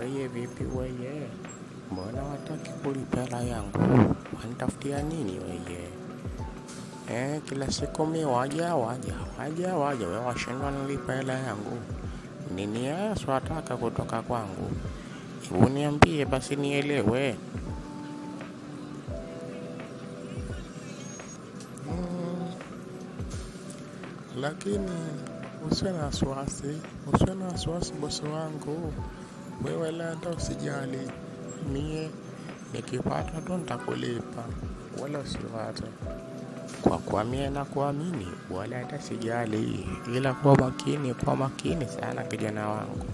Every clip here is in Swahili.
Weye vipi weye, mbona wataki kulipa hela yangu? Wanitafutia nini weye? Eh, kila siku mi waja waja waja waja, we washindwa nilipa hela yangu. Nini Yesu kutoka kwangu? Hebu niambie basi nielewe. Hmm. lakini usiwe na wasiwasi, usiwe na wasiwasi bosi wangu. Wewe lenda usijali, mie nikipata tu nitakulipa, wala usipata kwa kuwa mie na kuamini, wala hata sijali, ila kuwa makini, kuwa makini sana kijana wangu,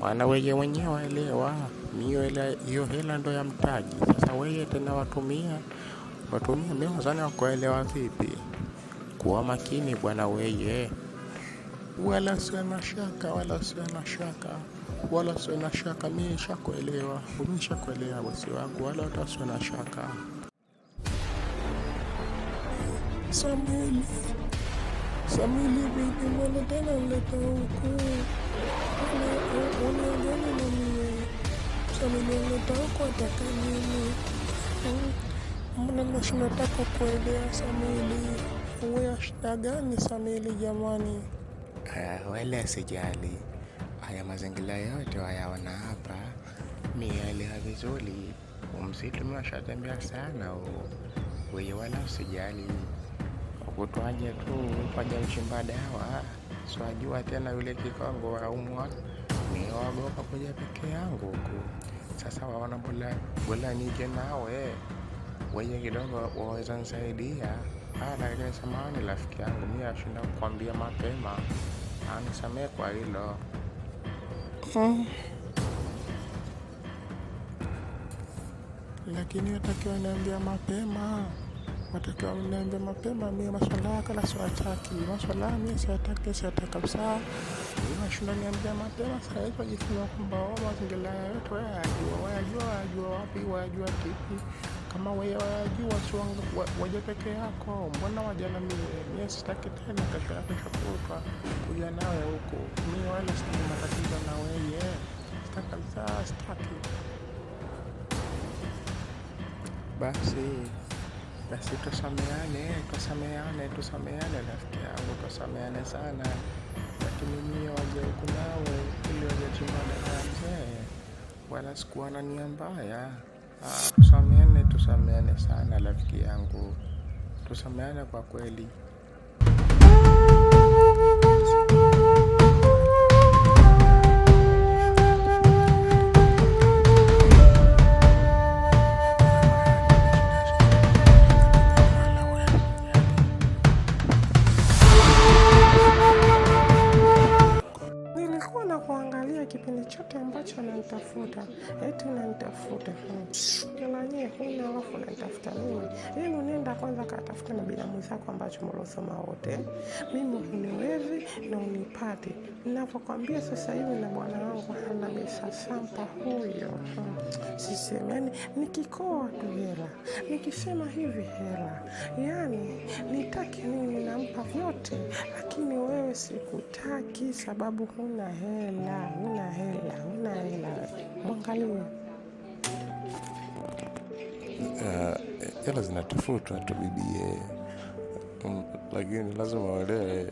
maana weye mwenyewe elewa, mie hiyo hela ndo ya mtaji. Sasa weye tena watumia watumia, mie wazani wakuelewa vipi? Kuwa makini bwana weye, wala siwe na shaka, wala siwe na shaka wala usiwe na shaka, mimi nishakuelewa, umeshakuelewa bosi wangu, wala hata usiwe na shaka. Samuel, Samuel, vipi? Mbona tena mleta huku? Unaongana na mie? Samuel, mleta huku ataka nini? Mbona ndo kuelewa uwe ashida gani jamani? Uh, wala sijali Haya mazingira yote wayaona hapa, mielewa vizuri. Umsitu miwashatembea sana weye wewe wala usijali, ukutwaje tu kwaja uchimba dawa. Swajua tena yule kikongo waumwa, ni wagopa kuja peke yangu huku. Sasa waona bola nije nawe wewe, kidogo waweza nisaidia. Ah, lakini samani rafiki yangu, mi ashinda kukwambia mapema, anisamehe ah, kwa hilo hmm. Lakini watakiwa niambia mapema, watakiwa niambia mapema. Mimi maswala yako la siwataki, maswala mimi siwataki, siwataki kabisa. Nashinda niambia mapema, saa hizi wajifunza kwamba wao mazingira yetu wayajua, wayajua, wayajua wapi, wayajua kipi? Kama wajua si waje peke yako, mbona waja na mimi? Mimi sitaki tena kesho yako kuja nawe huko, mimi wala sina matatizo. Basi basi tusameane, tusameane, tusameane rafiki yangu, tusameane sana, lakini mie waje huku nawe ili wajachuma mzee, wala sikuana nia mbaya. Ah, tusameane, tusameane sana rafiki yangu, tusameane kwa kweli. kunitafuta jamani, huna alafu unanitafuta mimi. Mimi unaenda kwanza katafuta na binamu zako ambacho mlosoma wote, mimi uniwezi na unipate navyokwambia sasa hivi, na bwana wangu hana mesa huyo. Sisemi yani, nikikoa tu hela, nikisema hivi hela, yani nitaki nini, nampa vyote, lakini wewe sikutaki sababu huna hela, huna hela, huna hela, mwangalie hela zinatafutwa tu bibie, mm, lakini lazima uelewe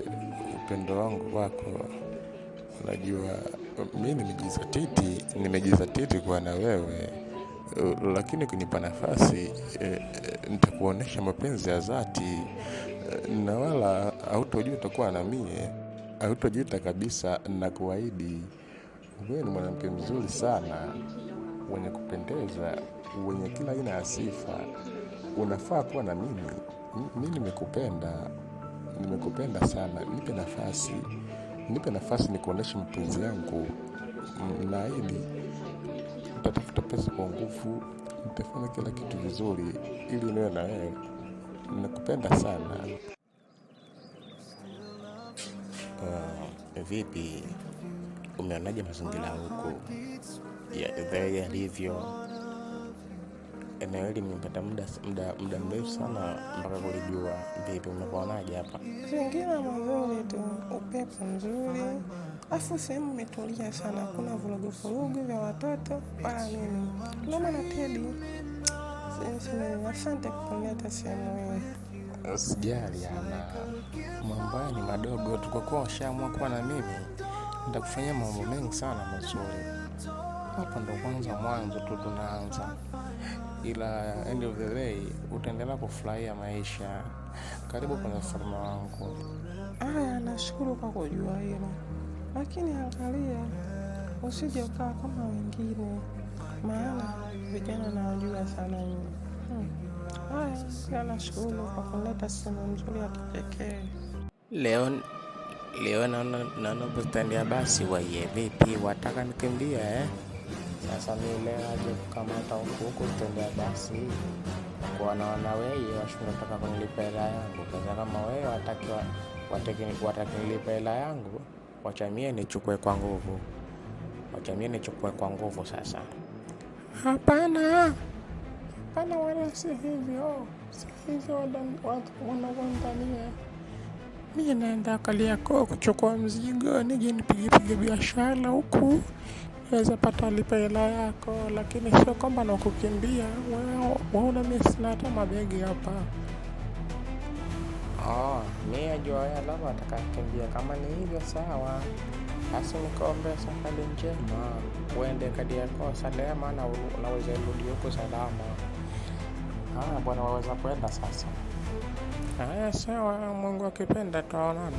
upendo wangu wako. najua mi nimejizatiti, nimejizatiti kuwa na wewe, lakini ukinipa nafasi e, nitakuonesha mapenzi ya e, na wala hautojuta kuwa na mie, hautojuta kabisa, na kuahidi wewe ni mwanamke mzuri sana, wenye kupendeza, wenye kila aina ya sifa unafaa kuwa na mimi. Mi nimekupenda, nimekupenda sana, nipe nafasi, nipe nafasi nikuonyeshe mpenzi yangu. Naahidi nitatafuta pesa kwa nguvu, nitafanya kila kitu vizuri ili niwe na wewe. Nakupenda sana. Uh, vipi, umeonaje mazingira huko ya yalivyo? eneo hili nimepata muda muda muda mrefu sana mpaka kulijua. Vipi, unapaonaje hapa? Mazingira mazuri tu, upepo mzuri, afu sehemu imetulia sana, hakuna vurugu vurugu vya watoto wala nini. Mama na Tedi, asante kunileta sehemu hii. Usijali ana mambo ni madogo tu, kwa kuwa ushaamua kuwa na mimi nitakufanyia mambo mengi sana mazuri. Hapo ndo kwanza mwanzo tu tunaanza ila end of the day utaendelea kufurahia maisha. Karibu kwenye ufalme wangu. Aya, nashukuru kwa kujua hilo, lakini angalia usije ukawa kama wengine, maana vijana nawajua sana nyinyi. Haya, hmm. pia nashukuru kwa kuleta sehemu nzuri ya kipekee leo. Leo naona bustani ya basi. waiye, vipi, wataka nikimbia eh? Sasa mimi leo aje kukamata huku huku kutembea basi kwa naona wewe washukuru, nataka kunilipa hela yangu. Kaza kama wewe wataki hela yangu, wachamie nichukue kwa nguvu, wachamie nichukue kwa nguvu. Sasa hapana, hapana, wala si hivyo, si hivyo wanavyodhania. Mimi naenda Kariakoo kuchukua mzigo, nije biashara huku unaweza pata lipa hela yako, lakini sio kwamba nakukimbia waona. Mimi sina hata mabegi hapa. Oh, ah, mi ajua lava atakakimbia. Kama ni hivyo sawa, basi nikuombe safari njema, uende kadi yako salama na unaweza rudi huko salama. Haya ah, bwana, waweza kwenda sasa. Haya sawa, Mungu akipenda taonana